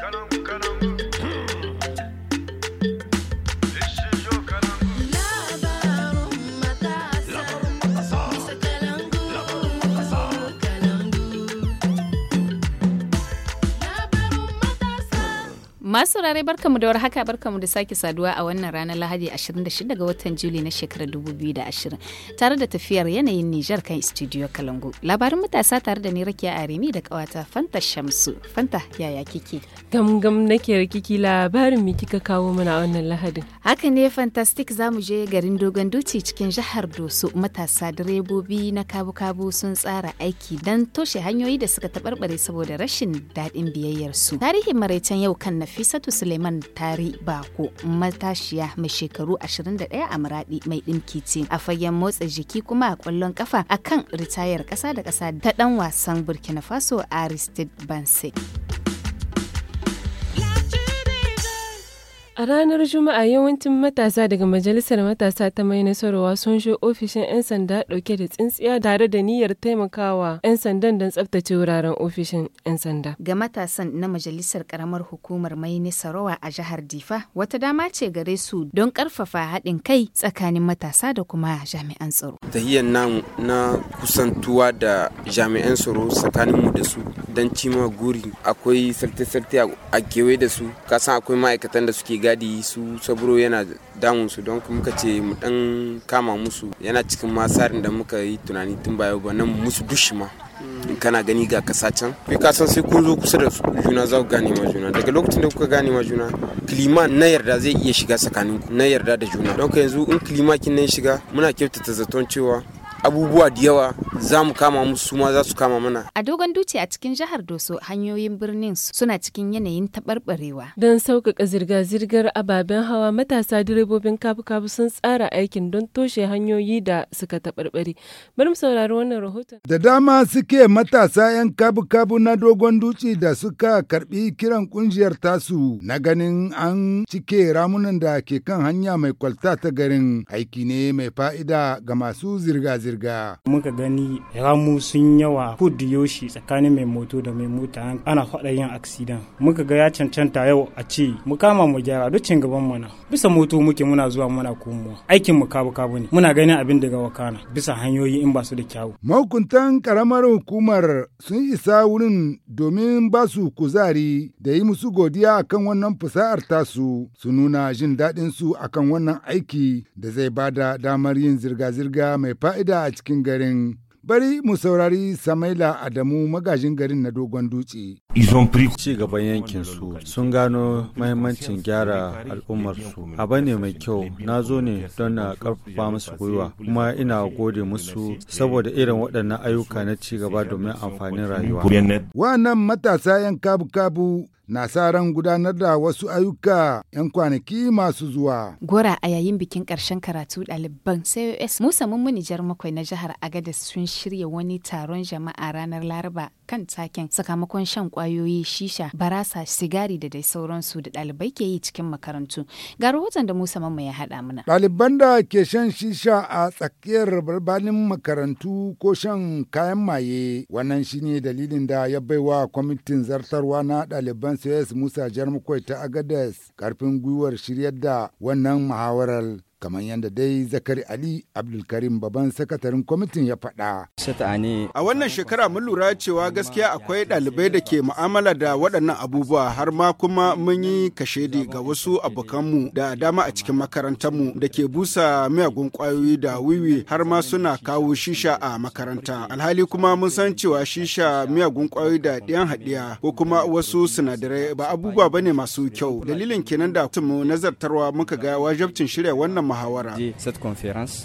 come on. Masu rarai barkamu da warhaka barkamu da sake saduwa a wannan ranar Lahadi 26 ga watan Juli na shekarar 2020 tare da tafiyar yanayin Nijar kan Studio Kalangu. Labarin matasa tare da ni Rakiya Arimi da kawata Fanta Shamsu. Fanta yaya kike? Gam gam nake rakiki labarin mi kika kawo mana wannan Lahadin. Haka ne fantastic zamu je garin Dogon Duci cikin jihar Doso matasa direbobi na kabu-kabu sun tsara aiki dan toshe hanyoyi da suka tabarbare saboda rashin daɗin biyayyarsu. Tarihin maraicen yau kan nafi Nafisatu Suleiman Tari Bako matashiya mai shekaru 21 a muradi mai ɗimki ce a fagen motsa jiki kuma a kwallon kafa akan ritayar ƙasa da ƙasa ta ɗan wasan Burkina Faso Aristide Bansi. A ranar Juma'a yawancin matasa daga Majalisar Matasa ta Mai Nasarwa sun shi ofishin 'yan sanda ɗauke da tsintsiya tare da niyyar taimakawa 'yan sandan don tsabtace wuraren ofishin 'yan sanda. Ga matasan na Majalisar Karamar Hukumar Mai Nasarwa a jihar Difa wata dama ce gare su don karfafa haɗin kai tsakanin matasa da kuma jami'an tsaro. Tahiyyar namu na kusantuwa da jami'an tsaro tsakaninmu da su don cimma guri akwai sarte-sarte a kewaye da su kasan akwai ma'aikatan da suke gadi su saburo yana damun su don muka ce mu dan kama musu yana cikin masarin da muka yi tunani tun baya ba nan musu dushi ma in kana gani ga kasa can kai ka sai kun zo kusa da juna za ku gane ma juna daga lokacin da kuka gane ma juna kilima na yarda zai iya shiga tsakanin ku na yarda da juna don yanzu in kilima kin nan shiga muna kyautata zaton cewa abubuwa da yawa za mu kama musu suma za su kama mana. A dogon duce a cikin jihar Doso hanyoyin birnin suna cikin yanayin taɓarɓarewa. Don sauƙaƙa zirga-zirgar ababen hawa matasa direbobin kabu-kabu sun tsara aikin don toshe hanyoyi da suka taɓarɓare. Bari mu saurari wannan rahoton. Da dama suke matasa 'yan kabu-kabu na dogon duci da suka karɓi kiran ƙungiyar tasu na ganin an cike ramunan da ke kan hanya mai kwalta ta garin aiki ne mai fa'ida ga masu zirga-zirga. Muka gani ramu sun yawa kud yoshi tsakanin mai moto da mai mota ana faɗa yin aksidan muka ga ya cancanta yau a ce mu kama mu gyara duk cin gaban mana bisa moto muke muna zuwa muna komowa aikin mu kabu kabu ne muna ganin abin daga wakana bisa hanyoyi in ba su da kyawu mahukuntan karamar hukumar sun isa wurin domin ba su kuzari da yi musu godiya akan wannan fasahar tasu su nuna jin daɗin su akan wannan aiki da zai bada damar yin zirga-zirga mai fa'ida a cikin garin Bari mu saurari Samaila Adamu magajin garin na Dogon Dutse. Ci gaban yankin su sun gano mahimmancin gyara al'ummarsu. su. Aba ne mai kyau na zo ne don na karfafa musu gwiwa kuma ina gode musu saboda irin waɗannan ayyuka na ci gaba domin amfanin rayuwa. Wannan matasa 'yan kabu-kabu na sa ran gudanar da wasu ayyuka 'yan kwanaki masu zuwa. Gora a yayin bikin ƙarshen karatu ɗaliban COS Musa Mummuni Jar Makwai na jihar Agadez sun shirya wani taron jama'a ranar Laraba kan taken sakamakon shan kwayoyi shisha barasa sigari da dai sauransu da ɗalibai ke yi cikin makarantu. Ga rahoton da Musa Mamma ya haɗa mana. Ɗaliban da ke shan shisha a tsakiyar barbanin makarantu ko shan kayan maye wannan shine dalilin da ya baiwa kwamitin zartarwa na ɗaliban Suyas Musa Jarmukwai ta agadez karfin gwiwar shiryar da wannan muhawarar kamar yadda dai zakari ali abdulkarim baban sakataren kwamitin ya faɗa. a wannan shekara mun lura cewa gaskiya akwai ɗalibai da ke ma'amala da waɗannan abubuwa har ma kuma mun yi kashedi ga wasu abokanmu da dama a cikin makarantarmu da ke busa miyagun ƙwayoyi da wiwi har ma suna kawo shisha a makaranta alhali kuma mun san cewa shisha miyagun ƙwayoyi da ɗiyan haɗiya ko kuma wasu sinadarai ba abubuwa bane masu kyau dalilin kenan da mu nazartarwa muka ga wajabcin shirya wannan muhawara.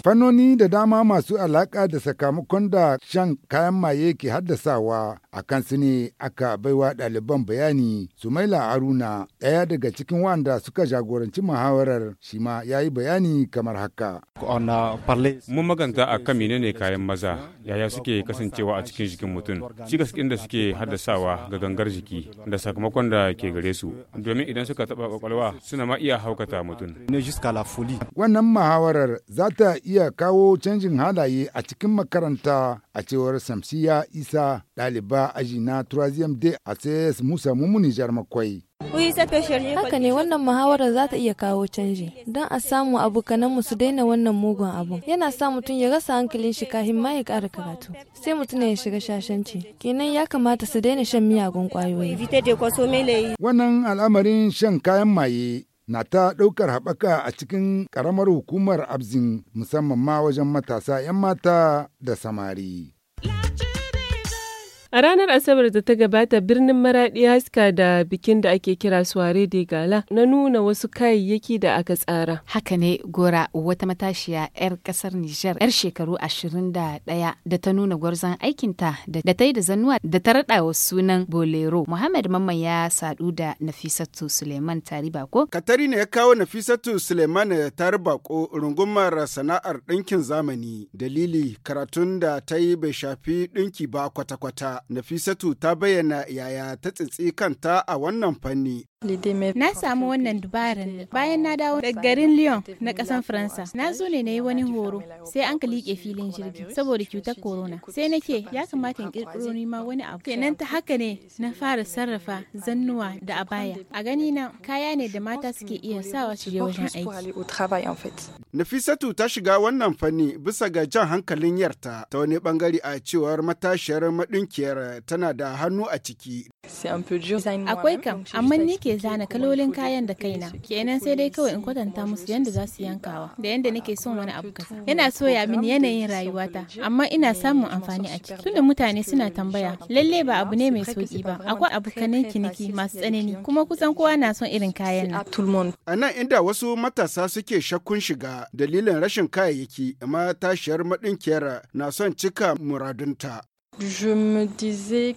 Fannoni da dama masu alaƙa da sakamakon da shan kayan maye ke haddasawa a kan su ne aka baiwa ɗaliban bayani su mai Haruna ɗaya daga cikin wanda suka jagoranci muhawarar shi ma ya yi bayani kamar haka. Mun maganta a kan ne kayan maza yaya suke kasancewa a cikin jikin mutum shi gaskin da suke haddasawa ga gangar jiki da sakamakon da ke gare su domin idan suka taɓa ƙwaƙwalwa suna ma iya haukata mutum. Wannan Wannan muhawarar za ta iya kawo canjin halaye a cikin makaranta a cewar Samsiya Isa ɗaliba aji na turaziyam de a CS Musa Mumuni Jarmakwai. Haka ne wannan muhawarar za ta iya kawo canji don a samu abokananmu su daina wannan mugun abu. Yana sa mutum ya rasa hankalin shi kafin ma ya ƙara karatu. Sai mutum ya shiga shashanci. Kenan ya kamata su daina shan miyagun kwayoyi. Wannan al'amarin shan kayan maye na ta ɗaukar haɓaka a cikin ƙaramar hukumar abzin musamman ma wajen matasa 'yan mata da samari. A ranar Asabar da ta gabata birnin Maradi haska da bikin da ake kira Suware de Gala na nuna wasu kayayyaki da aka tsara. Haka ne Gora wata matashiya 'yar kasar Nijar 'yar shekaru 21 da ta nuna gwarzon aikinta da ta yi da zannuwa da ta raɗa wa sunan Bolero. Muhammad Mamman ya sadu da Nafisatu Suleiman Taribako. Katari ne ya kawo Nafisatu Suleiman Taribako rungumar sana'ar ɗinkin zamani. Dalili karatun da ta yi bai shafi ɗinki ba kwata-kwata. Nafisatu ta bayyana yaya ta tsitsi kanta a wannan fanni. Na samu wannan dubarin bayan na dawo daga garin Lyon na kasan Faransa. Na zo ne na yi wani horo sai an ka liƙe filin jirgi saboda cutar corona. Sai nake ya kamata in ƙirƙiro ni ma wani abu. Kenan ta haka ne na fara sarrafa zannuwa da abaya. A gani na kaya ne da mata suke iya sawa su je wajen aiki. Nafisatu ta shiga wannan fanni bisa ga jan hankalin yarta ta wani bangare a cewar matashiyar maɗinkiyar tana da hannu a ciki. Akwai kam amma ni nake zana kalolin kayan da kaina kenan sai dai kawai in kwatanta musu yadda za su yankawa da yadda nake son wani abu kaza yana soya mini yanayin rayuwata amma ina samun amfani a ciki tunda mutane suna tambaya lalle ba abu ne mai sauki ba akwai abokanan ciniki masu tsanani kuma kusan kowa na son irin kayan nan a nan inda wasu matasa suke shakkun shiga dalilin rashin kayayyaki amma tashiyar maɗinkiyar na son cika muradunta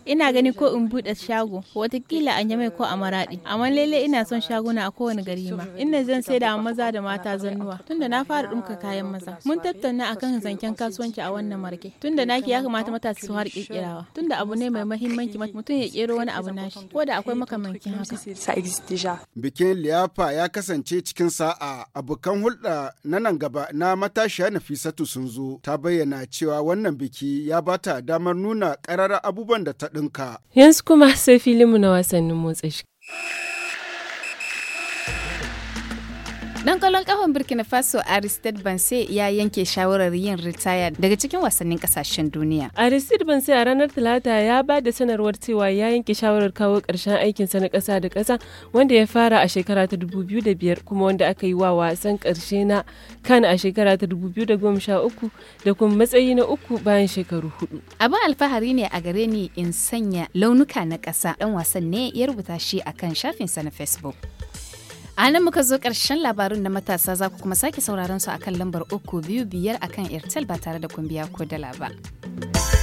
Ina gani ko in buɗe shago, watakila a Yamai ko a Maraɗi, amma lele ina son shaguna a kowane gari ma. Ina zan sai da maza da mata zannuwa, tunda na fara ɗumka kayan maza. Mun tattauna akan zancen kasuwanci a wannan marke, tunda naki ya kamata matasa su har ƙirƙirawa, tunda abu ne mai mahimmanci mutum ya kero wani abu nashi, ko da akwai makamankin haka. Bikin liyafa ya kasance cikin sa'a, abokan hulɗa na nan gaba na matashiya Nafisatu sun zo, ta bayyana cewa wannan biki ya bata damar nuna nuna ƙararra abubuwan da ta ɗinka. Yanzu kuma sai mu na wasannin motsa shi. Dan kwallon kafan Burkina Faso Aristide Banse ya yanke shawarar yin ritaya daga cikin wasannin kasashen duniya. Aristide Banse a ranar Talata ya ba da sanarwar cewa ya yanke shawarar kawo ƙarshen aikinsa na kasa da ƙasa wanda ya fara a shekara ta 2005 kuma wanda aka yi wa wasan ƙarshe na kan a shekara ta 2013 da kuma matsayi na uku bayan shekaru hudu. Abin alfahari ne a gare ni in sanya launuka na ƙasa ɗan wasan ne ya rubuta shi akan shafinsa na Facebook. A nan muka zo ƙarshen labarun na matasa za ku kuma sake sauraron su akan lambar uku biyu biyar akan Airtel ba tare da kumbiya ko dala ba.